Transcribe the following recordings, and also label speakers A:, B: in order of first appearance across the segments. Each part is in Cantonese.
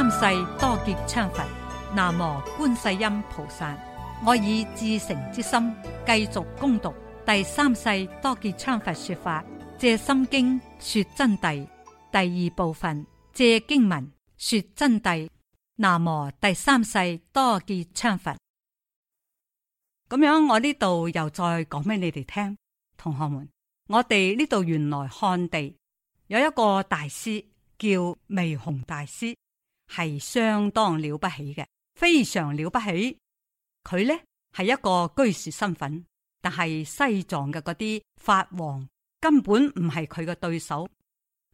A: 三世多杰羌佛，南無觀世音菩薩。我以至誠之心繼續恭讀第三世多杰羌佛說法，借心經說真諦第二部分，借經文說真諦。南無第三世多杰羌佛。咁樣我呢度又再講俾你哋聽，同學們，我哋呢度原來漢地有一個大師叫微紅大師。係相當了不起嘅，非常了不起。佢呢係一個居士身份，但係西藏嘅嗰啲法王根本唔係佢嘅對手。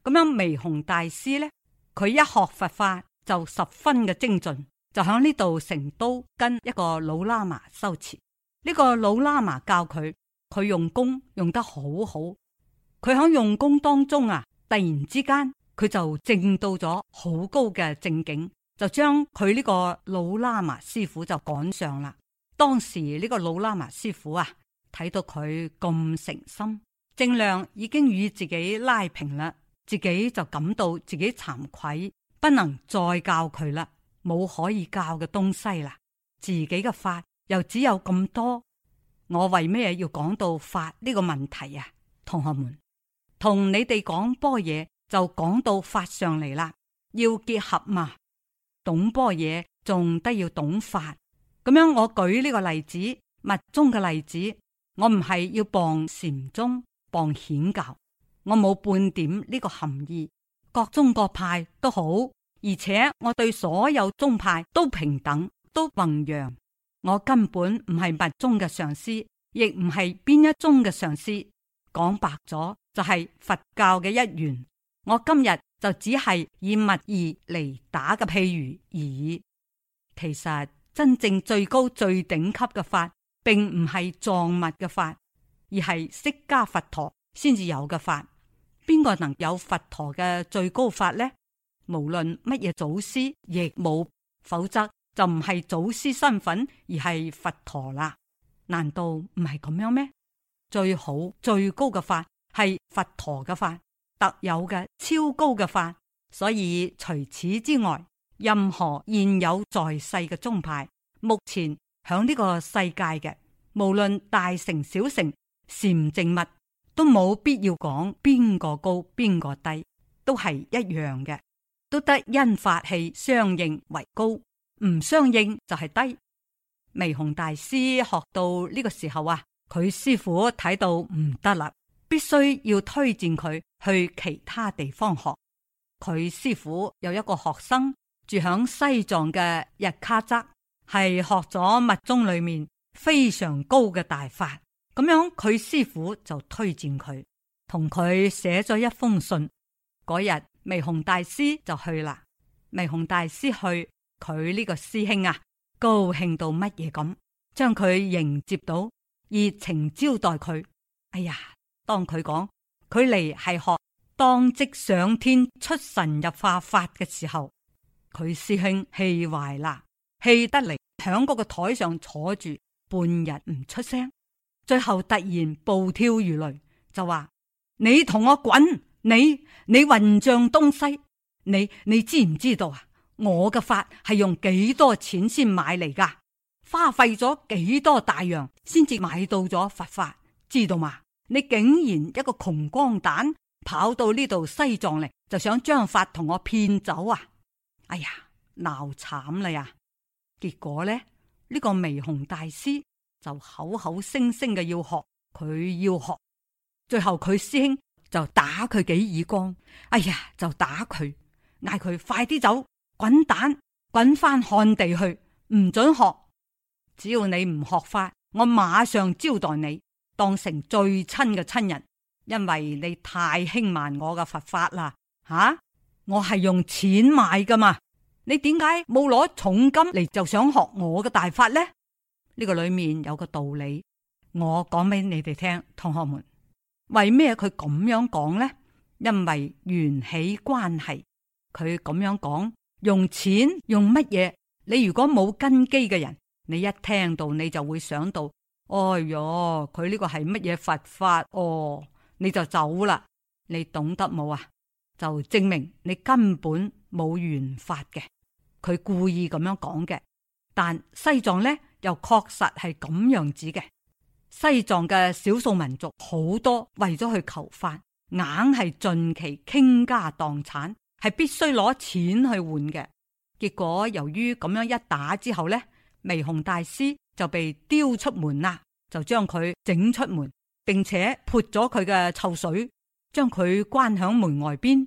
A: 咁樣，微紅大師呢，佢一學佛法就十分嘅精進，就喺呢度成都跟一個老喇嘛修持。呢個老喇嘛教佢，佢用功用得好好。佢喺用功當中啊，突然之間。佢就證到咗好高嘅證境，就將佢呢個老喇嘛師父就趕上啦。當時呢個老喇嘛師父啊，睇到佢咁誠心，證量已經與自己拉平啦，自己就感到自己慚愧，不能再教佢啦，冇可以教嘅東西啦，自己嘅法又只有咁多，我為咩要講到法呢個問題啊？同學們，同你哋講般若。就講到法上嚟啦，要結合嘛，懂般若仲得要懂法。咁樣我舉呢個例子，密宗嘅例子，我唔係要傍禪宗、傍顯教，我冇半點呢個含義。各宗各派都好，而且我對所有宗派都平等，都弘揚。我根本唔係密宗嘅上師，亦唔係邊一宗嘅上師。講白咗，就係、是、佛教嘅一員。我今日就只係以物義，嚟，打個譬如而已。其實真正最高最頂級嘅法，並唔係藏物嘅法，而係釋迦佛陀先至有嘅法。邊個能有佛陀嘅最高法呢？無論乜嘢祖師亦冇，否則就唔係祖師身份，而係佛陀啦。難道唔係咁樣咩？最好最高嘅法係佛陀嘅法，特有嘅超高嘅法，所以除此之外，任何現有在世嘅宗派，目前響呢個世界嘅，無論大成小成禪淨物，都冇必要講邊個高邊個低，都係一樣嘅，都得因法器相應為高，唔相應就係低。微紅大師學到呢個時候啊，佢師傅睇到唔得啦，必須要推薦佢。去其他地方學，佢師父有一個學生住響西藏嘅日喀則，係學咗密宗裏面非常高嘅大法。咁樣佢師父就推薦佢，同佢寫咗一封信。嗰日，微紅大師就去啦。微紅大師去，佢呢個師兄啊，高興到乜嘢咁，將佢迎接到，熱情招待佢。哎呀，當佢講。佢嚟係學當即上天出神入化法嘅時候，佢師兄氣壞啦，氣得嚟響嗰個台上坐住半日唔出聲，最後突然暴跳如雷，就話：你同我滾！你你混賬東西！你你知唔知道啊？我嘅法係用幾多錢先買嚟噶？花費咗幾多大洋先至買到咗佛法，知道嗎？你竟然一個窮光蛋，跑到呢度西藏嚟，就想將法同我騙走啊！哎呀，鬧慘啦呀！結果呢，呢、這個微紅大師就口口聲聲嘅要學，佢要學，最後佢師兄就打佢幾耳光。哎呀，就打佢，嗌佢快啲走，滾蛋，滾返漢地去，唔准學。只要你唔學法，我馬上招待你。當成最親嘅親人，因為你太輕慢我嘅佛法啦。吓、啊，我係用錢買噶嘛，你點解冇攞重金嚟，就想學我嘅大法呢？呢、這個裏面有個道理，我講俾你哋聽，同學們，為咩佢咁樣講呢？因為緣起關係，佢咁樣講，用錢用乜嘢？你如果冇根基嘅人，你一聽到你就會想到。哎喲，佢呢個係乜嘢佛法，法哦？你就走啦，你懂得冇啊？就證明你根本冇緣法嘅。佢故意咁樣講嘅，但西藏呢，又確實係咁樣子嘅。西藏嘅少數民族好多為咗去求法，硬係盡其傾家蕩產，係必須攞錢去換嘅。結果由於咁樣一打之後呢，微紅大師。就被丟出門啦，就將佢整出門，並且潑咗佢嘅臭水，將佢關響門外邊。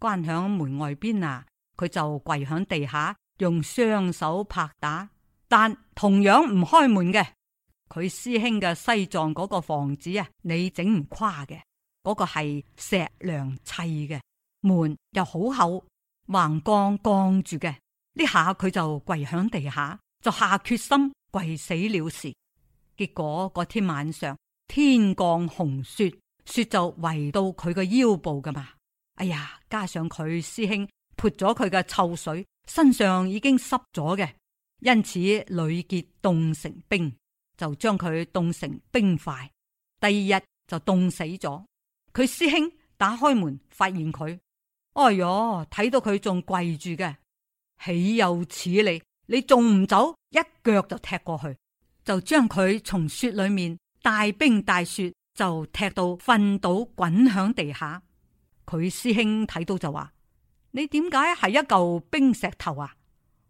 A: 關響門外邊啊，佢就跪響地下，用雙手拍打，但同樣唔開門嘅。佢師兄嘅西藏嗰個房子啊，你整唔垮嘅，嗰個係石梁砌嘅門又好厚，橫槓槓住嘅。呢下佢就跪響地下，就下決心。跪死了事，結果嗰天晚上天降紅雪，雪就圍到佢個腰部噶嘛。哎呀，加上佢師兄潑咗佢嘅臭水，身上已經濕咗嘅，因此屢結凍成冰，就將佢凍成冰塊。第二日就凍死咗。佢師兄打開門，發現佢，哎喲，睇到佢仲跪住嘅，豈有此理！你仲唔走？一腳就踢過去，就將佢從雪裏面大冰大雪就踢到瞓到滾響地下。佢師兄睇到就話：你點解係一嚿冰石頭啊？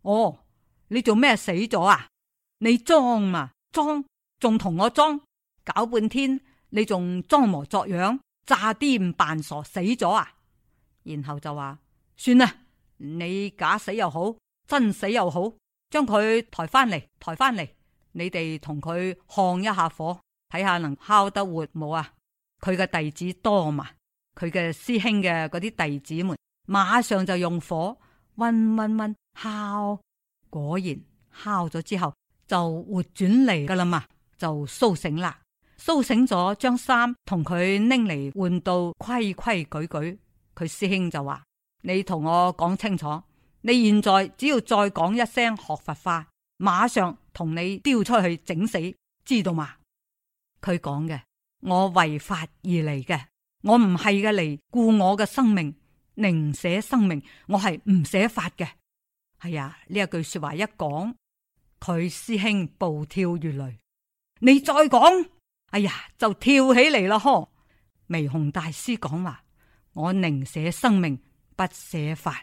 A: 哦，你做咩死咗啊？你裝啊？裝？仲同我裝？搞半天你仲裝模作樣、詐癲扮傻死咗啊？然後就話：算啦，你假死又好，真死又好。將佢抬翻嚟，抬翻嚟，你哋同佢看一下火，睇下能烤得活冇啊？佢嘅弟子多嘛？佢嘅師兄嘅嗰啲弟子們，馬上就用火溫溫溫烤，果然烤咗之後就活轉嚟噶啦嘛，就蘇醒啦，蘇醒咗，將衫同佢拎嚟換到規規矩矩，佢師兄就話：你同我講清楚。你現在只要再講一聲學佛法，馬上同你丟出去整死，知道嗎？佢講嘅，我為法而嚟嘅，我唔係嘅嚟顧我嘅生命，寧捨生命，我係唔捨法嘅。哎呀，呢一句說話一講，佢師兄暴跳如雷。你再講，哎呀，就跳起嚟啦！呵，微紅大師講話，我寧捨生命，不捨法。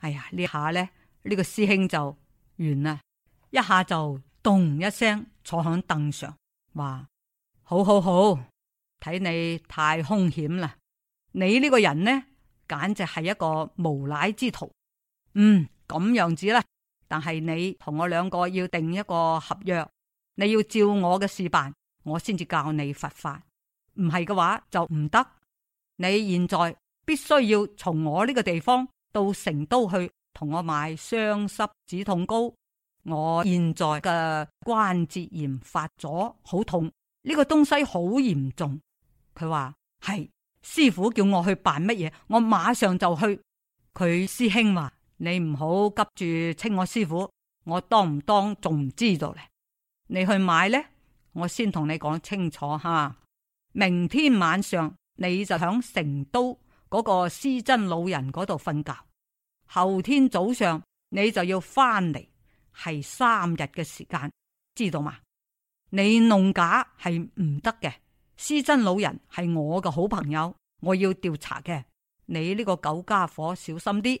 A: 哎呀，呢下呢，呢個師兄就完啦，一下就咚一聲坐響凳上，話好好好，睇你太兇險啦，你呢個人呢，簡直係一個無賴之徒，嗯，咁樣子啦，但係你同我兩個要定一個合約，你要照我嘅事辦，我先至教你佛法，唔係嘅話就唔得，你現在必須要從我呢個地方。到成都去同我買雙濕止痛膏，我現在嘅關節炎發咗，好痛，呢個東西好嚴重。佢話，係師父叫我去辦乜嘢，我馬上就去。佢師兄話，你唔好急住稱我師父，我當唔當仲唔知道咧？你去買呢？我先同你講清楚哈。明天晚上你就響成都，嗰個施珍老人嗰度瞓覺，後天早上你就要翻嚟，係三日嘅時間，知道嘛？你弄假係唔得嘅，施珍老人係我嘅好朋友，我要調查嘅，你呢個狗傢伙小心啲！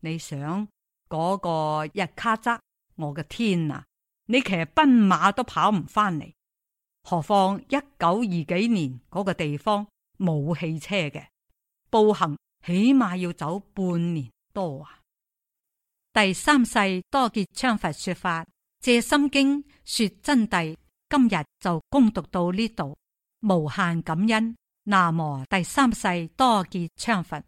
A: 你想嗰個日卡扎，我嘅天啊！你騎奔馬都跑唔翻嚟，何況一九二幾年嗰個地方冇汽車嘅。步行起碼要走半年多啊！第三世多杰羌佛說法，借心經說真諦，今日就恭讀到呢度，無限感恩。南無第三世多杰羌佛。